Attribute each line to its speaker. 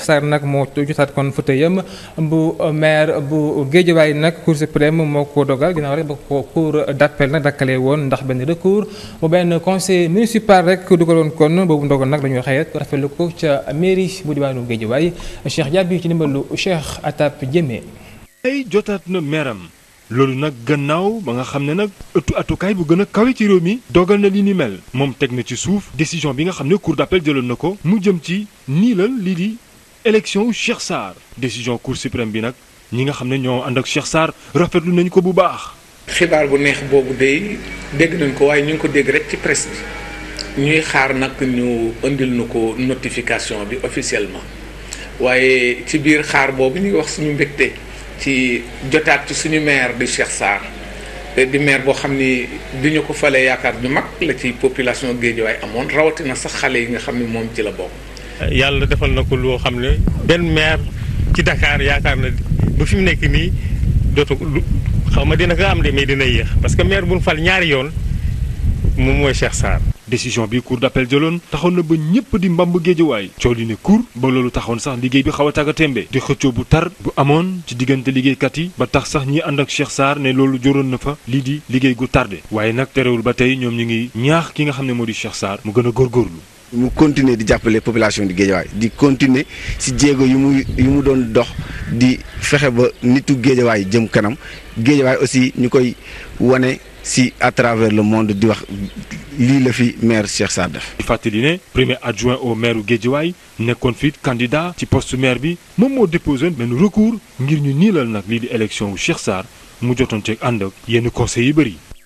Speaker 1: Sarr nag moo jotaat kon fauteuilam bu maire bu Guédiawaye nag cour suprême moo ko dogal ginnaaw rek ba ko cour d'appel nag dakkalee woon ndax benn recours bu benn conseil municipal rek dugaloon kon boobu ndogal nag dañoo xëy rek rafetlu ko ca mairie bu diwaanu Guédiawaye
Speaker 2: Cheikh Diaby ci ndimbalu Cheikh Atap Diémé. ay jotaat na meeram loolu nag gannaaw ba nga xam ne nag atu atukaay bu gën a kawe ci réew mi dogal na li ni mel moom teg na ci suuf décision bi nga xam ne cour d'appel jëloon na ko mu jëm ci nii la lii élection wu Cheikh Sarr décision cour suprême bi nag ñi nga xam ne ñoo ànd ak Cheikh Sarr rafetlu
Speaker 3: nañ ko bu baax. xibaar bu neex boobu day dégg nañ ko waaye ñu ngi ko dégg rek ci presque ñuy xaar nag ñu indil nu ko notification bi officiellement waaye ci biir xaar boobu ñuy wax suñu mbégte ci jotaat ci suñu maire di Cheikh Sarr di maire boo xam ni bi ñu ko falee yaakaar ju mag la ci population waaye amoon rawatina sax xale yi nga xam ni moom ci la bokk. yàlla defal na ko loo xam ne benn maire ci dakaar yaakaar na ba fi mu nekk nii dootu xaw ma dina ko am de mais dina yéex parce que maire bu ñu fal ñaari yoon moom mooy Cheikh Sarr.
Speaker 2: décision bi cour d'appel jëloon taxoon na ba ñëpp di mbamb géejuwaay coow li ne cour ba loolu taxoon sax liggéey bi xaw a tàgga témbe di xëccoo bu tar bu amoon ci diggante liggéeykat yi ba tax sax ñi ànd ak Cheikh Sarr ne loolu joroon na fa lii di liggéey gu tardé waaye nag terewul ba tey ñoom ñu ngi ñaax ki nga xam ne
Speaker 4: moo di Cheikh Sarr mu gën a góorgóorlu mu continuer di jàppale population di géejawaay di continuer si jéego yu mu yu mu doon dox di fexe ba nitu géejawaay jëm kanam géejawaay aussi ñu koy wane si à travers le monde di wax lii la fi maire Cheikh Sarr def.
Speaker 2: di fàttali ne premier adjoint au maire u Géejawaay nekkoon fii candidat ci poste maire bi moom moo déposé benn recours ngir ñu niilal nag lii di élection wu Cheikh Sarr mu jotoon ceeg ànd ak yenn conseils yi bëri.